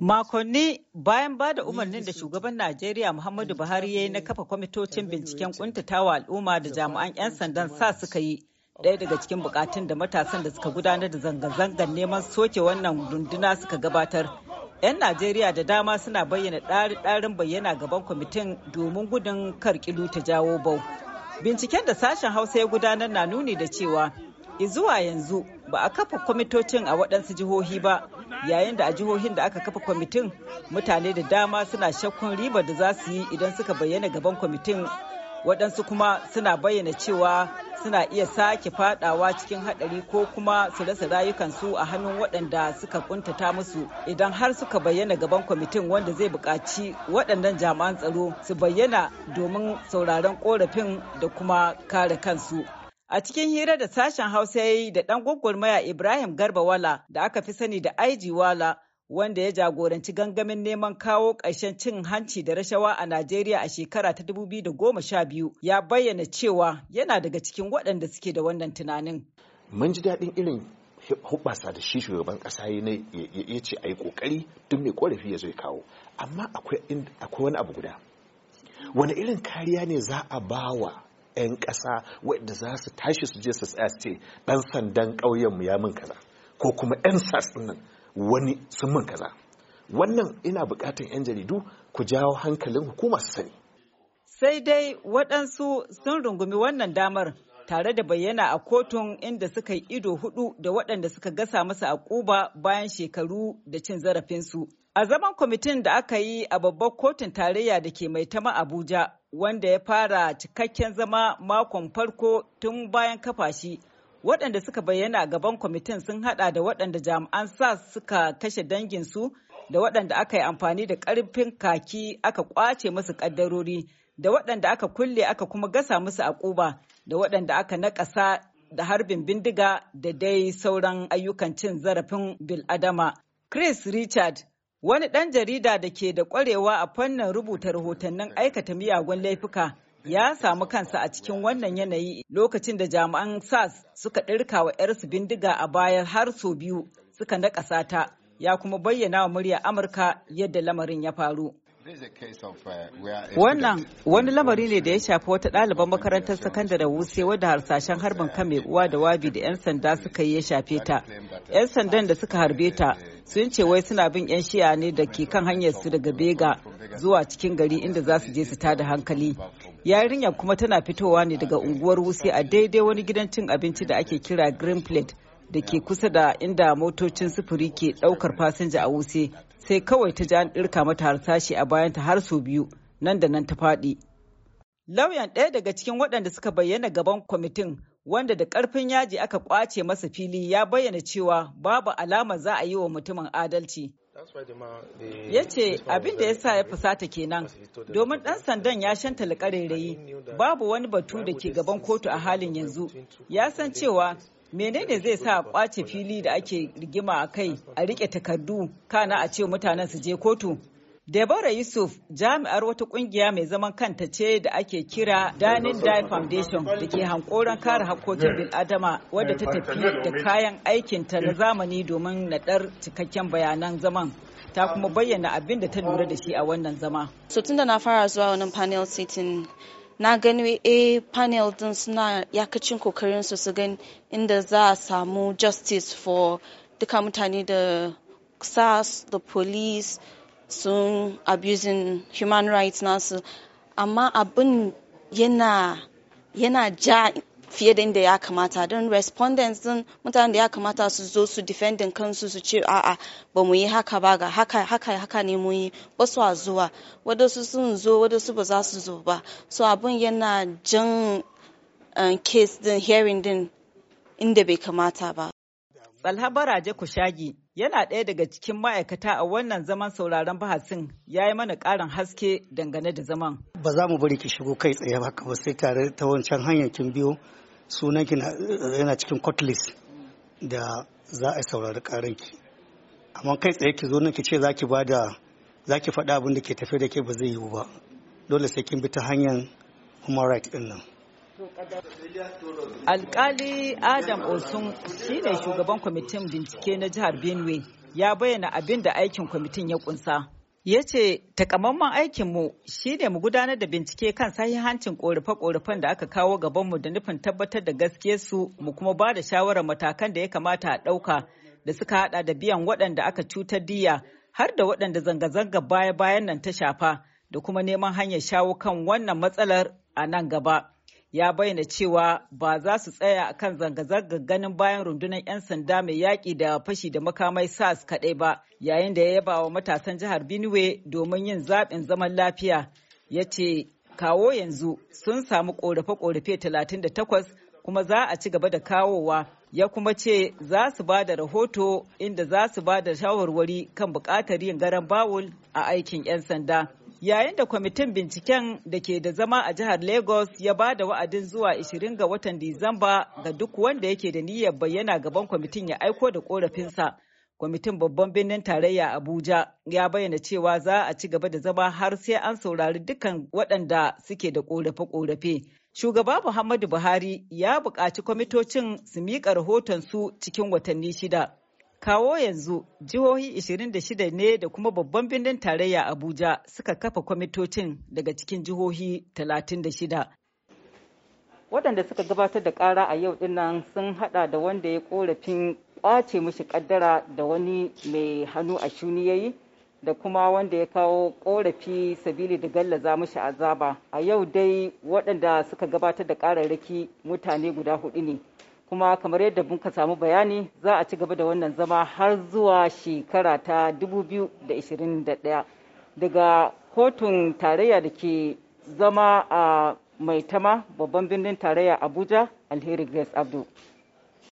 Makonni bayan ba da umarnin da shugaban Najeriya Muhammadu Buhari ya yi na kafa kwamitocin binciken kuntatawa al'umma da jami'an 'yan sandan sa suka yi ɗaya daga cikin bukatun da matasan da suka gudanar da zanga-zangar neman soke wannan runduna suka gabatar. 'Yan Najeriya da dama suna bayyana ɗari-ɗarin bayyana gaban kwamitin domin gudun kar ta jawo bau. Binciken da sashen Hausa ya gudanar na nuni da cewa, zuwa yanzu ba a kafa kwamitocin a waɗansu jihohi ba yayin da a jihohin da aka kafa kwamitin mutane da dama suna shakkun ribar da za su yi idan suka bayyana gaban kwamitin waɗansu kuma suna bayyana cewa suna iya sake fadawa cikin haɗari ko kuma su rasa rayukansu a hannun waɗanda suka kuntata musu idan har suka bayyana gaban kwamitin wanda zai buƙaci waɗannan jami'an tsaro su bayyana domin sauraron ƙorafin da kuma kare kansu A cikin hira da sashen Hausa yayi da ɗan gwagwarmaya Ibrahim Garba Wala da aka fi sani da IG Wala wanda ya jagoranci gangamin neman kawo ƙarshen cin hanci da rashawa a Najeriya a shekara ta da 2012 ya bayyana cewa yana daga cikin waɗanda suke da wannan tunanin. Mun ji daɗin irin hubbasa da shi shugaban ƙasa ya ce a yi ƙoƙari duk mai ƙorafi ya zo ya kawo. Amma akwai wani abu guda. Wani irin kariya ne za a bawa 'yan ƙasa wadda za su tashi su je su ce ɗan sandan ƙauyenmu ya mun kaza ko kuma 'yan sas nan wani sun mun kaza wannan ina buƙatar 'yan jaridu ku jawo hankalin hukuma su sani sai dai waɗansu sun rungumi wannan damar tare da bayyana a kotun inda suka yi ido hudu da waɗanda suka gasa masa a bayan shekaru da cin zarafinsu. A zaman kwamitin da aka yi a babbar kotun tarayya da ke mai tama Abuja, wanda ya fara cikakken zama makon farko tun bayan kafa shi waɗanda suka bayyana gaban kwamitin sun hada da waɗanda jami'an sa suka kashe danginsu da waɗanda aka yi amfani da ƙarfin kaki aka ƙwace musu ƙaddarori da waɗanda aka kulle aka kuma gasa musu a ƙuba da waɗanda aka naƙasa da harbin bindiga da dai sauran ayyukan cin zarafin bil'adama. Chris Richard Wani ɗan jarida da ke da ƙwarewa a fannin rubuta rahotannin aikata miyagun laifuka ya samu kansa a cikin wannan yanayi lokacin da jami'an SAS suka ɗirka wa 'yarsu bindiga a baya har sau biyu suka naƙasa ta ya kuma bayyana wa murya Amurka yadda lamarin ya faru. Wannan wani lamari ne da ya shafi wata ɗaliban makarantar sakandare wuse wadda harsashen harbin kan mai uwa da wabi da 'yan sanda suka yi ya shafe ta. 'Yan sandan da suka harbe ta sun ce wai suna bin 'yan shi'a ne da ke kan hanyar su daga bega zuwa cikin gari inda za su je su tada hankali yarinyar kuma tana fitowa ne daga unguwar wuse a daidai wani gidan cin abinci da ake kira green plate da ke kusa da inda motocin sufuri ke daukar fasinja a wuse sai kawai ta ja an ɗirka mata harsashi a bayan ta har sau biyu nan da nan ta faɗi lauyan ɗaya daga cikin waɗanda suka bayyana gaban kwamitin wanda da ƙarfin yaji aka ƙwace masa fili ya bayyana cewa babu alama za a yi wa mutumin adalci. Ya ce abin da ya sa ya fusata kenan domin ɗan sandan ya shanta ƙarairayi babu wani batu da ke gaban kotu a halin yanzu ya san cewa menene zai sa a ƙwace fili da ake rigima a kai a riƙe takardu kana a ce mutanen su je kotu Debora Yusuf jami'ar wata kungiya mai zaman kanta ce da ake kira Danin Die Foundation da ke hankoron kare hakkokin bil'adama wadda ta tafi da kayan aikinta na zamani domin naɗar cikakken bayanan zaman. ta kuma bayyana abin da ta lura da shi a wannan zama. So da na fara zuwa wani panel sitting na gani e panel din suna yakacin kokarin su su gani inda za a samu justice for duka mutane da sars the police, sun abusing human rights nasu amma abin yana yana ja fiye da inda ya kamata don respondents din mutanen da ya kamata su zo su defending kansu su ce a'a ba mu yi haka ba ga haka haka haka ne mu yi wasu a zuwa wadansu sun zo wadansu ba za su zo ba so abin yana jan eh, case din hearing din inda bai kamata ba Balha Baraje Kushagi yana ɗaya daga cikin ma'aikata a wannan zaman sauraron bahasin ya yi mana ƙarin haske dangane da zaman. Ba za mu bari ki shigo kai tsaye haka ba sai tare ta wancan hanyar kin biyo sunan ki yana cikin cutlass da za a saurari ƙaran ki. Amma kai tsaye ki zo nan ki ce za ki da za ki faɗa abin da ke tafe da ke ba zai yiwu ba. Dole sai kin bi ta hanyar human rights ɗin nan. Alkali Adam Osun shi ne shugaban kwamitin bincike na jihar Benue ya bayyana abin da aikin kwamitin ya kunsa. Ya ce, takamaiman aikinmu shi ne mu gudanar da bincike kan sahihancin korafe-korafen da aka kawo gabanmu da nufin tabbatar da gaskiyarsu mu kuma ba da shawarar matakan da ya kamata a ɗauka da suka hada da biyan waɗanda aka cutar diya har da waɗanda zanga-zanga baya-bayan nan ta shafa da kuma neman hanyar shawo kan wannan matsalar a nan gaba. ya bayyana cewa ba za su tsaya a kan zanga-zangar ganin bayan rundunar 'yan sanda mai yaƙi da fashi da makamai sas kaɗai ba yayin da ya yaba wa matasan jihar benue domin yin zaɓin zaman lafiya ya ce kawo yanzu sun samu ƙorafe-ƙorafe 38 kuma za a ci gaba da kawowa ya kuma ce za su ba da rahoto inda za su ba da shawarwari kan buƙatar yin garan bawul a aikin 'yan sanda. yayin da kwamitin binciken da ke da zama a jihar lagos ya ba da wa'adin zuwa 20 ga watan disamba ga duk wanda yake da niyyar bayyana gaban kwamitin ya aiko da korafinsa kwamitin babban birnin tarayya abuja ya bayyana cewa za a ci gaba da zama har sai an saurari dukkan waɗanda suke da korafe-korafe shugaba muhammadu buhari ya buƙaci kwamitocin su miƙa rahoton su cikin watanni shida Kawo yanzu jihohi 26 ne da kuma babban birnin tarayya Abuja suka kafa kwamitocin daga cikin jihohi 36. Waɗanda suka gabatar da ƙara a yau dinnan sun hada da wanda ya korafin ƙwace mushi ƙaddara da wani mai hannu a shuni ya da kuma wanda ya kawo ƙorafi sabili da gallaza mushi azaba. A yau dai waɗanda suka gabatar da ƙararraki mutane guda hudu ne. kuma kamar yadda muka samu bayani za a ci gaba da wannan zama har zuwa shekara ta 2021 daga kotun tarayya da ke zama a maitama babban birnin tarayya abuja alheri grace abdul